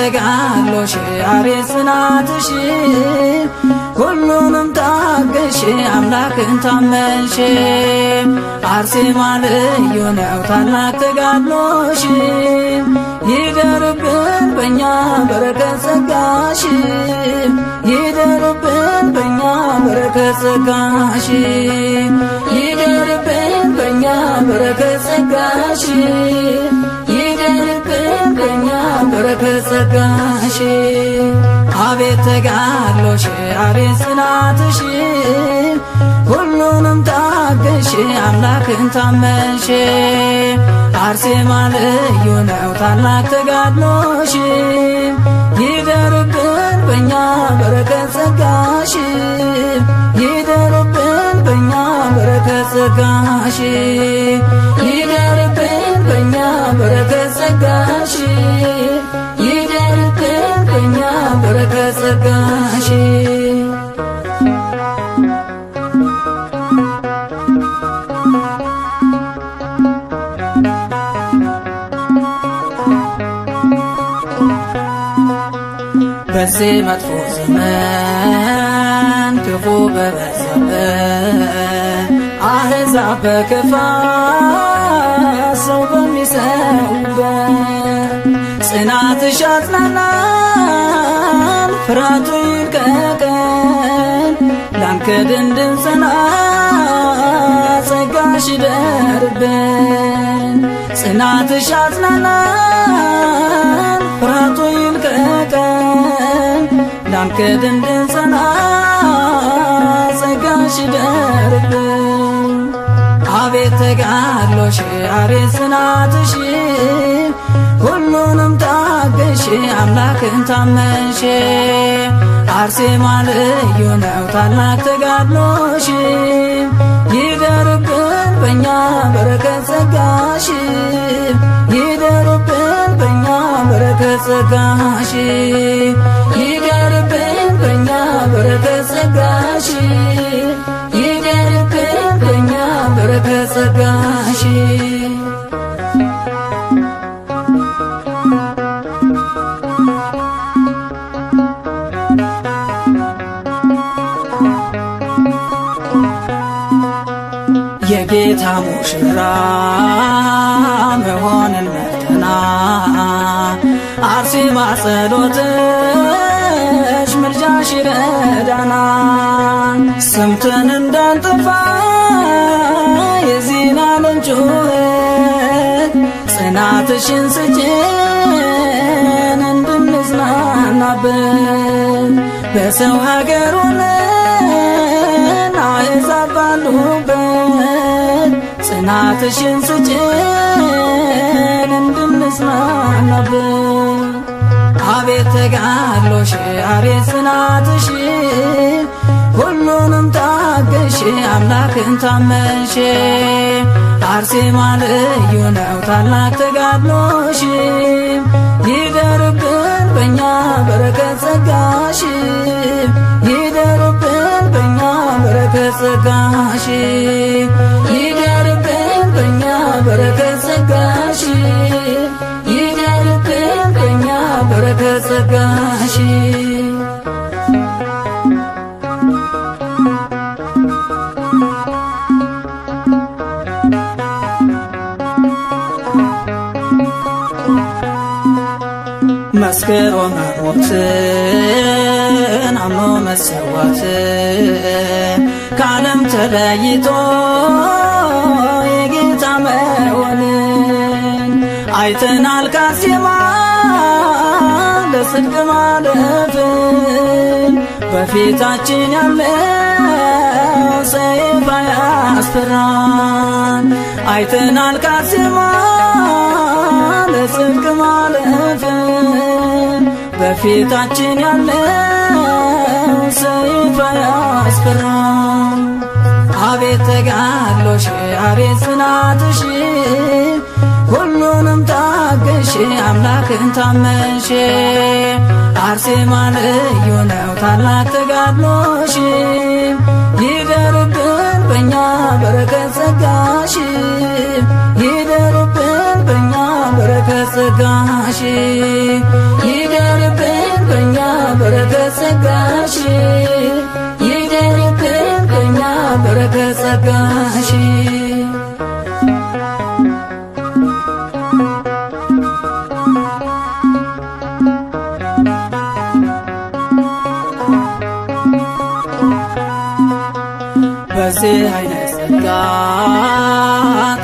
ተጋሎሽ አቤት ጽናትሽ ሁሉንም ታገሽ አምላክን ታመንሽ አርሴማ ልዩ ነው ታላቅ ተጋሎሽ ይደርብን በእኛ በረከት ጸጋሽ ይደርብን በእኛ በረከት ጸጋሽ ይደርብን በእኛ በረከት ጸጋሽ ለኛ በረከት ጸጋሽ አቤት ተጋድሎሽ አቤት ጽናትሽ ሁሉንም ታገሽ አምላክን ታመንሽ አርሴማ ልዩ ነው ታላቅ ተጋድሎሽ ይደርብን በእኛ በረከት ጸጋሽ ይደርብን በእኛ በረከት ጸጋሽ ይደርብን ከኛ በረከት ጸጋሽ ይደርብን ከኛ በረከት ጸጋሽ በዚህ መጥፎ ዘመን ክፉ በበዛበት አሕዛብ በከፋ ሰው ሰንበት ጽናትሽ ያጽናናል ፍርሃቱ ይልቀቀን ጸጋሽ ይደርብን ጽናትሽ ይልቀቀን ጸጋሽ ይደርብን ተጋድሎሽ አቤት ጽናትሽ ሁሉንም ታገሽ አምላክን ታመንሽ አርሴማ ልዩ ነው ታላቅ ተጋድሎሽ ይደርብን በእኛ በረከት ጸጋሽ ይደርብን በእኛ በረከት ጸጋሽ ይደርብን በእኛ በረከት ጸጋሽ ከጸጋሽ የጌታ ሙሽራ መሆንን መርተና አርሴማ ጸሎትሽ ምልጃሽ ይረዳና ስምትን ፍቅርሽን ስጭን እንድንዝናናበት በሰው ሀገር ሆነን አሕዛብ ባሉበት ጽናትሽን ስጭን እንድንዝናናበት አቤት ተጋድሎሽ አቤት ጽናትሽ ሁሉንም ታገሽ አምላክን ታመሽ አርሴማ ልዩ ነው ታላቅ ተጋድሎሽ ይደርብን በእኛ በረከት ጸጋሽ ይደርብን በእኛ በረከት ጸጋሽ ይደርብን በእኛ በረከት ጸጋሽ ይደርብን በእኛ በረከት ጸጋሽ አስክሮ መሞትን አምኖ መሰዋት ከዓለም ተለይቶ የጌታ መሆንን አይተናል ቃሴማ ለጽድቅ ማለፍን በፊታችን ያለ ሰይፍ አያስፈራን አይተናል ቃሴማ በፊታችን ያለ ሰይፍ አያስፈራም። አቤት ተጋድሎሽ፣ አቤት ጽናትሽ፣ ሁሉንም ታገሽ፣ አምላክን ታመሽ። አርሴማ ልዩ ነው ታላቅ ተጋድሎሽ፣ ይደርብን በእኛ በረከት ጸጋሽ፣ ይደርብን በእኛ በረከት ጸጋሽ ይደርብን በኛ በረከት ጸጋሽ ይደርብን በኛ በረከት ጸጋሽ በዚህ አይነት ጸጋ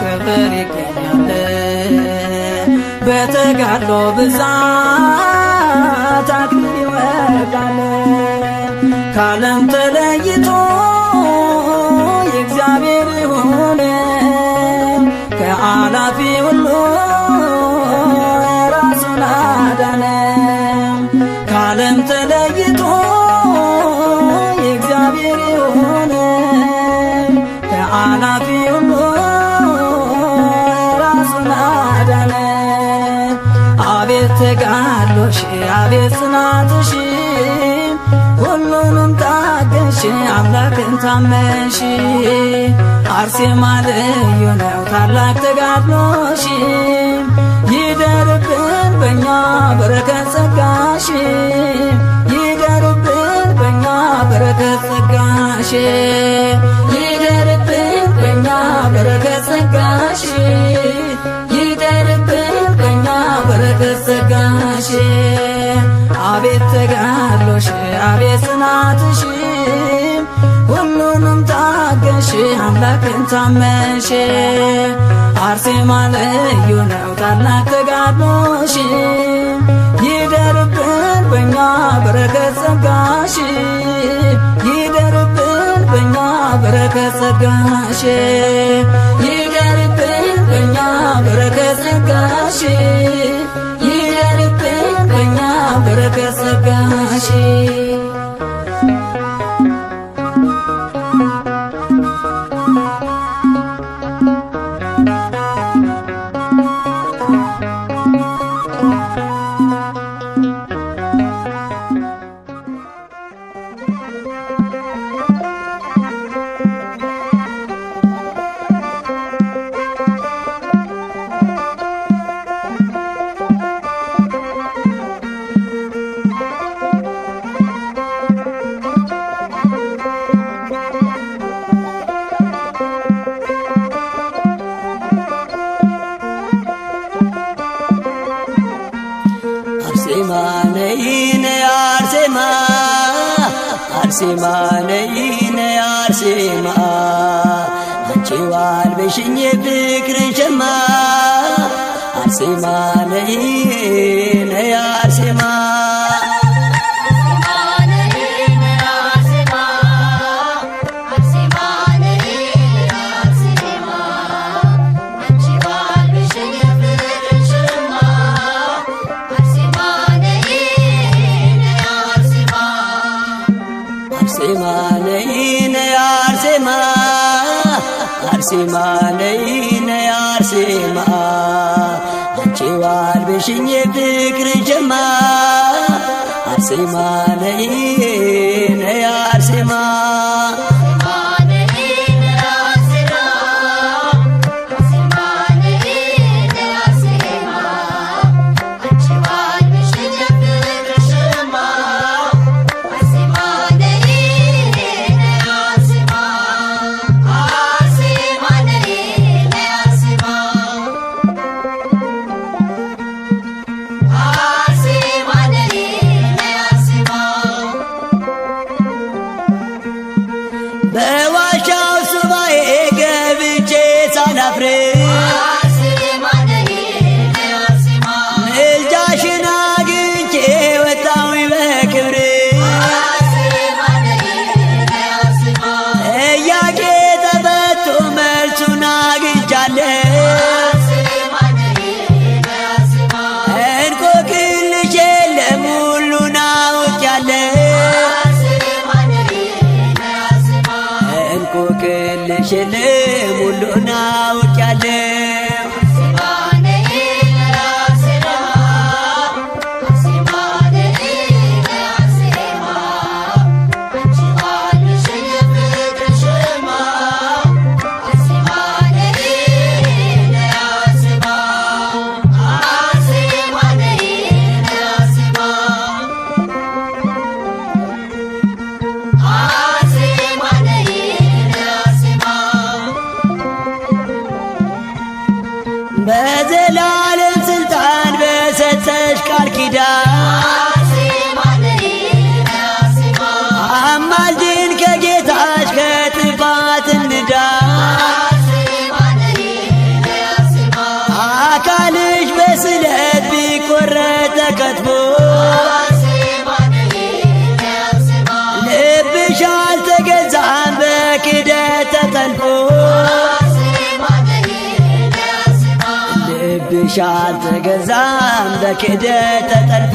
ክብር ይገኛል በተጋድሎ ብዛት ታመንሽ አርሴማ ልዩ ነው ታላቅ ተጋድሎሽ ይደርብን በእኛ በረከት ጸጋሽ ይደርብን በእኛ በረከት ጸጋሽ ይደርብን በእኛ በረከት ጸጋሽ ይደርብን በእኛ በረከት ጸጋሽ አቤት ተጋድሎሽ አቤት ጽናትሽ ታመንሽ አምላክን ታመንሽ አርሴማ ልዩ ነው ታላቅ ተጋድሎሽ ይደርብን በኛ በረከት ጸጋሽ ይደርብን በእኛ በረከት ጸጋሽ ይደርብን በኛ በረከት ጸጋሽ ይደርብን በኛ በረከት ጸጋሽ አንሽኝ የፍቅር ጀማ አርሴማ ነይ ነይ አርሴማ My. ተከትፎ ልብሽ አልተገዛም በክደት ተጠልፎ ልብሽ አልተገዛም በክደት ተጠልፎ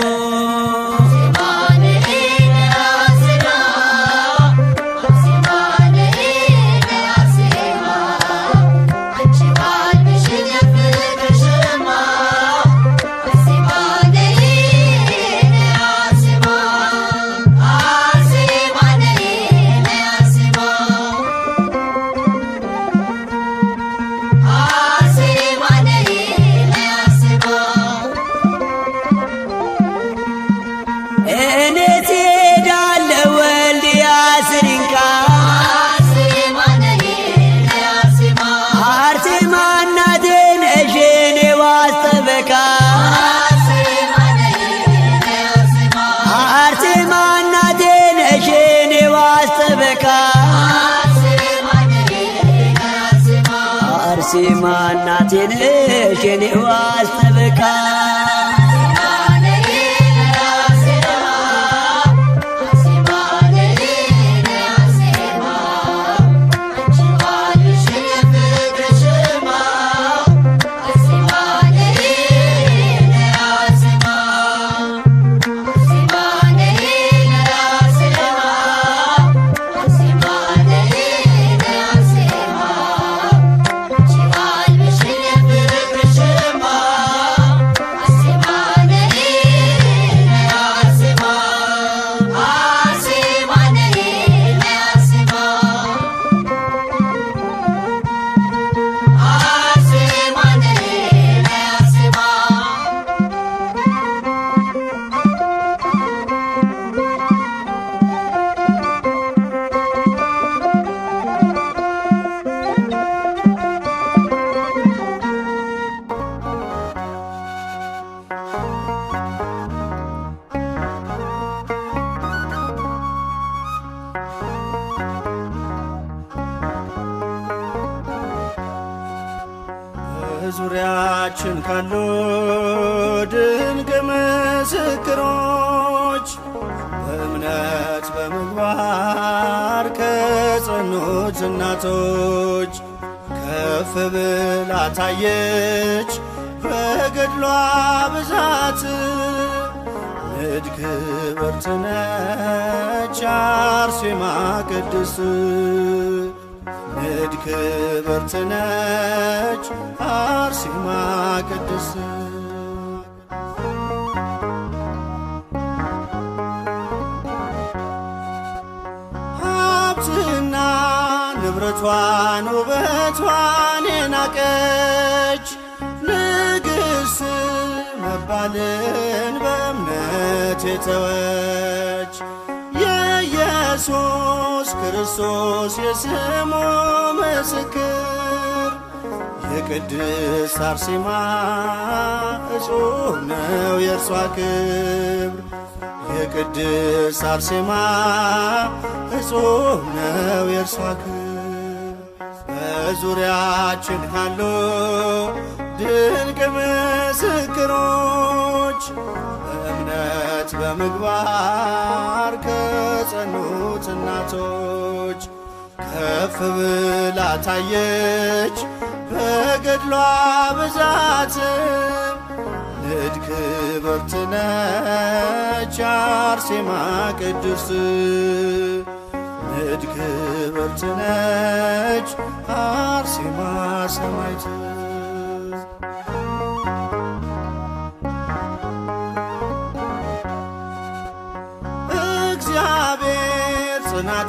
ስማ እናቴ ነሽ የኔ ዋስ ጠበቃ በዙሪያችን ካሉ ድንቅ ምስክሮች በእምነት በምግባር ከጸኑት እናቶች ከፍ ብላ ታየች በገድሏ ብዛት ንድ ክብርት አርሴማ ቅድስት ክብርት ነች አርሴማ ቅድስት ሀብትና ንብረቷን ውበቷን የናቀች ንግሥት መባልን በእምነት የተወች ኢየሱስ ክርስቶስ የስሙ ምስክር የቅድስ አርሴማ እጹብ ነው የእርሷ ክብር የቅድስ አርሴማ እጹብ ነው የእርሷ ክብር በዙሪያችን ካሉ ድንቅ ምስክሮች በእምነት በምግባር የጸኑት እናቶች ከፍ ብላ ታየች በገድሏ ብዛት ንድ ክብርት ነች አርሴማ ቅድስት ንድ ክብርት ነች አርሴማ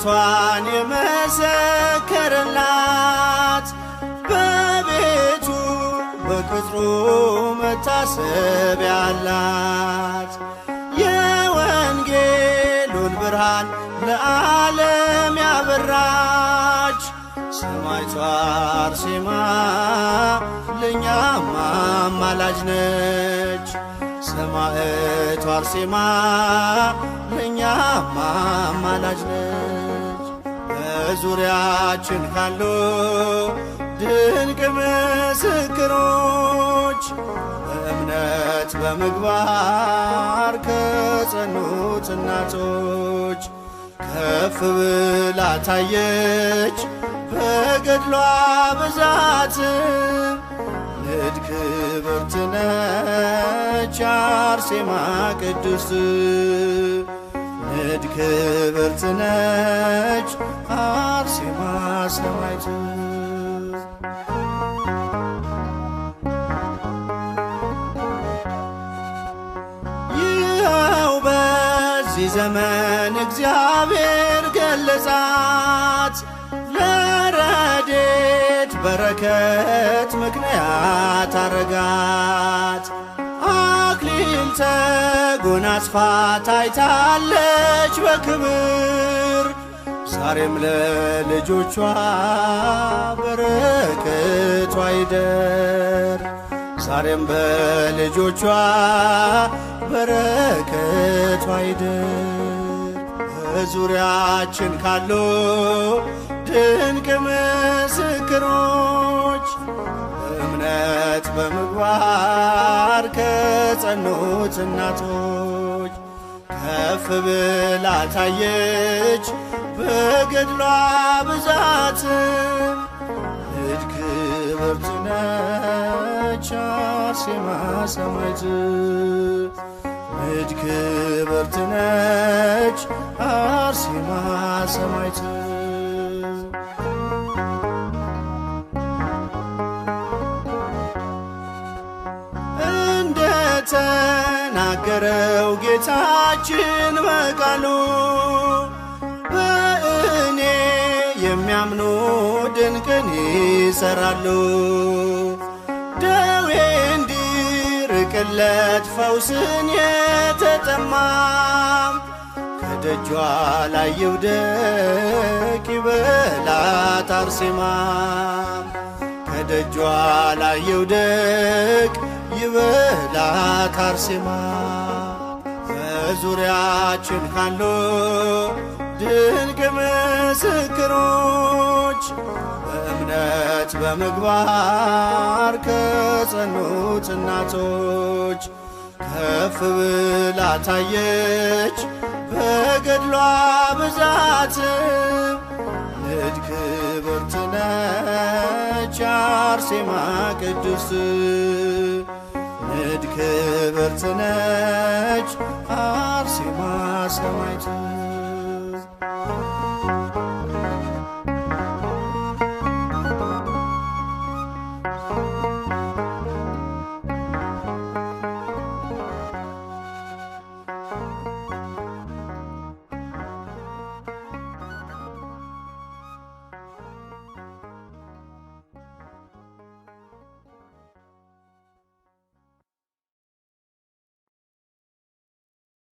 ልደቷን የመሰከረላት በቤቱ በቅጥሩ መታሰብ ያላት የወንጌሉን ብርሃን ለዓለም ያበራች ሰማይቷ አርሴማ ለእኛ ማማላጅ ነች። ሰማዕቷ አርሴማ ለእኛ ማማላጅ ነች። በዙሪያችን ካሉ ድንቅ ምስክሮች በእምነት በምግባር ከጸኑት እናቶች ከፍ ብላ ታየች በገድሏ ብዛት ንድ ክብርት ነች አርሴማ ቅድስት እድ ክብርት ነች አርሴማ ሰማዕት ይኸው በዚህ ዘመን እግዚአብሔር ገለጻት ለረዴት በረከት ምክንያት አረጋት። አንተ ጎናጽፋ ታይታለች በክብር ዛሬም ለልጆቿ በረከቷ ይደር ዛሬም በልጆቿ በረከቷ ይደር በዙሪያችን ካሉ ድንቅ ምስክሮች በእምነት በምግባር ከጸኑት እናቶች ከፍ ብላ ታየች በገድሏ ብዛት ልድ ክብርት ነች አርሴማ ሰማዕት ልጅ ክብርት ነች አርሴማ ሰማዕት ተናገረው ጌታችን በቃሉ በእኔ የሚያምኑ ድንቅን ይሰራሉ። ደዌ እንዲርቅለት ፈውስን የተጠማም ከደጇ ላይ ይውደቅ ይበላት አርሴማ ከደጇ ላይ ይውደቅ ይበላት አርሴማ በዙሪያችን ካሉ ድንቅ ምስክሮች በእምነት በምግባር ከጸኑት እናቶች ከፍ ብላ ታየች በገድሏ ብዛት ንድ ክብርት ነች አርሴማ ቅድስት እድ ክብርት ነች አርሴማ ሰማዕት